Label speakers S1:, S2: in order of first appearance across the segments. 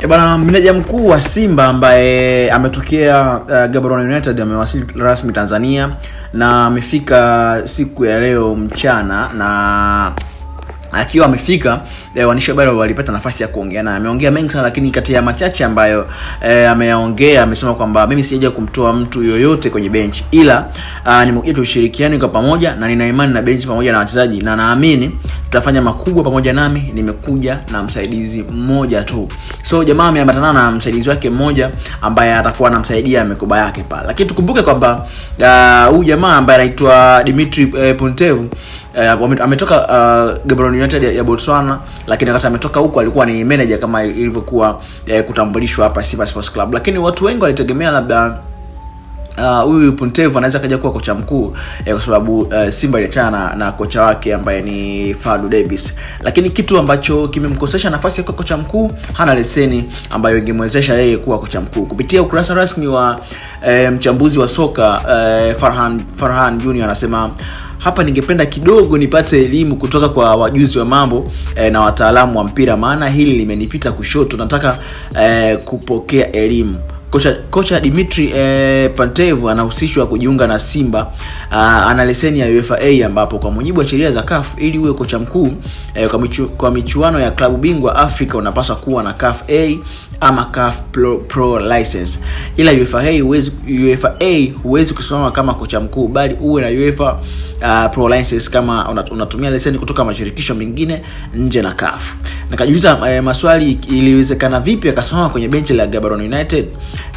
S1: Eh Bwana meneja mkuu wa Simba ambaye ametokea uh, Gaborone United amewasili rasmi Tanzania na amefika siku ya leo mchana na akiwa amefika eh, waandishi habari walipata nafasi ya kuongea naye. Ameongea mengi sana, lakini kati ya machache ambayo eh, ameyaongea, amesema kwamba mimi sijaja kumtoa mtu yoyote kwenye benchi, ila uh, nimekuja tushirikiane kwa pamoja, na nina imani na benchi pamoja na wachezaji, na naamini tutafanya makubwa pamoja. Nami nimekuja na msaidizi mmoja tu, so jamaa ameambatana na msaidizi wake mmoja ambaye atakuwa anamsaidia mikoba yake pale, lakini tukumbuke kwamba ah, huyu uh, jamaa ambaye anaitwa Dimitri eh, pontevu uh, ametoka uh, Gaborone United ya, ya Botswana, lakini wakati ametoka huko alikuwa ni manager kama ilivyokuwa uh, kutambulishwa hapa Simba Sports Club, lakini watu wengi walitegemea labda Ah, huyu uh, Puntevu anaweza kaja kuwa kocha mkuu eh, kwa sababu uh, Simba iliachana na, na kocha wake ambaye ni fadu Davis, lakini kitu ambacho kimemkosesha nafasi ya kuwa kocha mkuu, hana leseni ambayo ingemwezesha yeye kuwa kocha mkuu. Kupitia ukurasa rasmi wa eh, mchambuzi wa soka eh, Farhan Farhan Junior anasema hapa ningependa kidogo nipate elimu kutoka kwa wajuzi wa mambo eh, na wataalamu wa mpira, maana hili limenipita kushoto. Nataka eh, kupokea elimu. Kocha, kocha Dimitri eh, Pantev anahusishwa kujiunga na Simba. Ah, ana leseni ya UEFA A ambapo kwa mujibu wa sheria za CAF ili uwe kocha mkuu eh, kwa, michu, kwa michuano ya klabu bingwa Afrika unapaswa kuwa na CAF A ama CAF Pro, Pro license. Ila UEFA A huwezi UEFA A kusimama kama kocha mkuu bali uwe na UEFA uh, Pro license kama unatumia leseni kutoka mashirikisho mengine nje na CAF. Nikajiuliza e, maswali iliwezekana vipi akasimama kwenye benchi la Gaborone United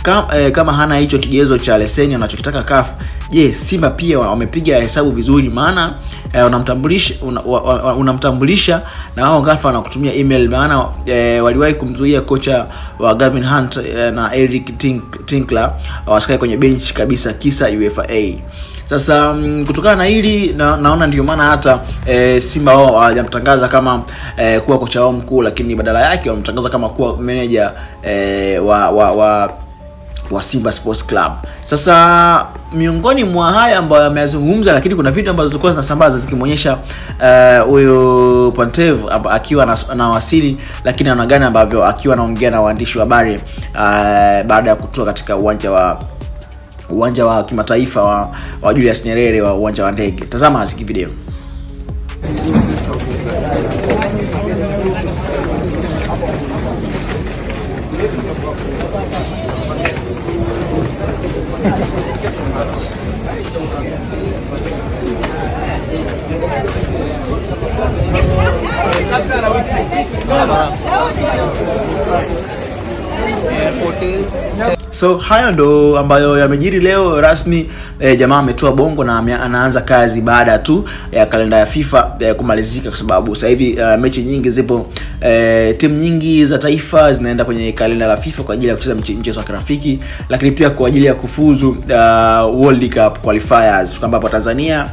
S1: kama, e, eh, kama hana hicho kigezo cha leseni anachokitaka kafu je, Simba pia wamepiga hesabu vizuri? Maana eh, unamtambulisha una, una, unamtambulisha na wao ghafla wanakutumia email. Maana eh, waliwahi kumzuia kocha wa Gavin Hunt eh, na Eric Tink, Tinkler wasikae kwenye bench kabisa, kisa UFA. Sasa mm, kutokana na hili na, naona ndio maana hata e, Simba wao hawajamtangaza kama e, kuwa kocha wao mkuu, lakini badala yake wamtangaza kama kuwa meneja e, eh, wa, wa, wa wa Simba Sports Club. Sasa miongoni mwa haya ambayo ameyazungumza, lakini kuna video ambazo zilikuwa zinasambaza zikimwonyesha eh, huyu uh, Pantev akiwa anawasili, lakini ana gani ambavyo akiwa anaongea na waandishi wa habari uh, baada ya kutoka katika uwanja wa uwanja wa kimataifa wa, wa Julius Nyerere wa uwanja wa ndege. Tazama hiki video. Ja, So hayo ndo ambayo yamejiri leo rasmi. eh, jamaa ametoa bongo na anaanza kazi baada tu ya kalenda ya FIFA eh, kumalizika, kwa sababu sasa hivi uh, mechi nyingi zipo eh, timu nyingi za taifa zinaenda kwenye kalenda la FIFA kwa ajili ya kucheza mchezo wa kirafiki, lakini pia kwa ajili ya kufuzu uh, World Cup qualifiers, ambapo Tanzania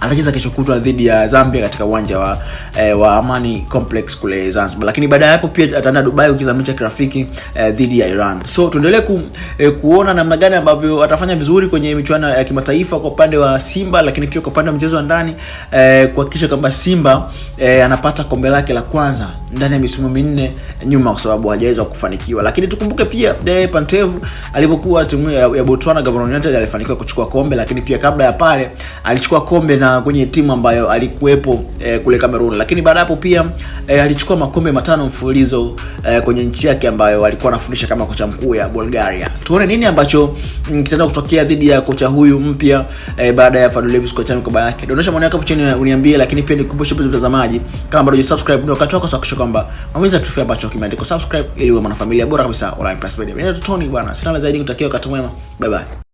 S1: anacheza kesho kutwa dhidi ya Zambia katika uwanja wa eh, wa Amani Complex kule Zanzibar, lakini baada ya hapo pia ataenda Dubai kucheza mechi ya kirafiki eh, dhidi ya Iran. So tuendelee ku, eh, kuona namna gani ambavyo atafanya vizuri kwenye michuano ya kimataifa kwa upande wa Simba, lakini pia kwa upande wa mchezo wa ndani eh, kuhakikisha kwamba Simba eh, anapata kombe lake la kwanza ndani ya misimu minne nyuma, kwa sababu hajaweza kufanikiwa. Lakini tukumbuke pia eh, Pantevu alipokuwa timu ya, ya Botswana gabon United alifanikiwa kuchukua kombe, lakini pia kabla ya pale alichukua kombe na na kwenye timu ambayo alikuwepo eh, kule Cameroon, lakini baada hapo pia eh, alichukua makombe matano mfululizo eh, kwenye nchi yake ambayo alikuwa anafundisha kama kocha mkuu ya Bulgaria. Tuone nini ambacho mm, kitaenda kutokea dhidi ya kocha huyu mpya eh, baada ya Fadlu Davids kuachana baba yake. Dondosha maoni yako hapo chini uniambie, lakini pia nikukumbushe pia mtazamaji, kama bado hujasubscribe ndio wakati wako sasa kwamba unaweza tufia ambacho kimeandikwa subscribe ili uwe mwanafamilia bora kabisa online plus media. Mimi ni Tony bwana, sina la zaidi, nikutakia wakati mwema. Bye bye.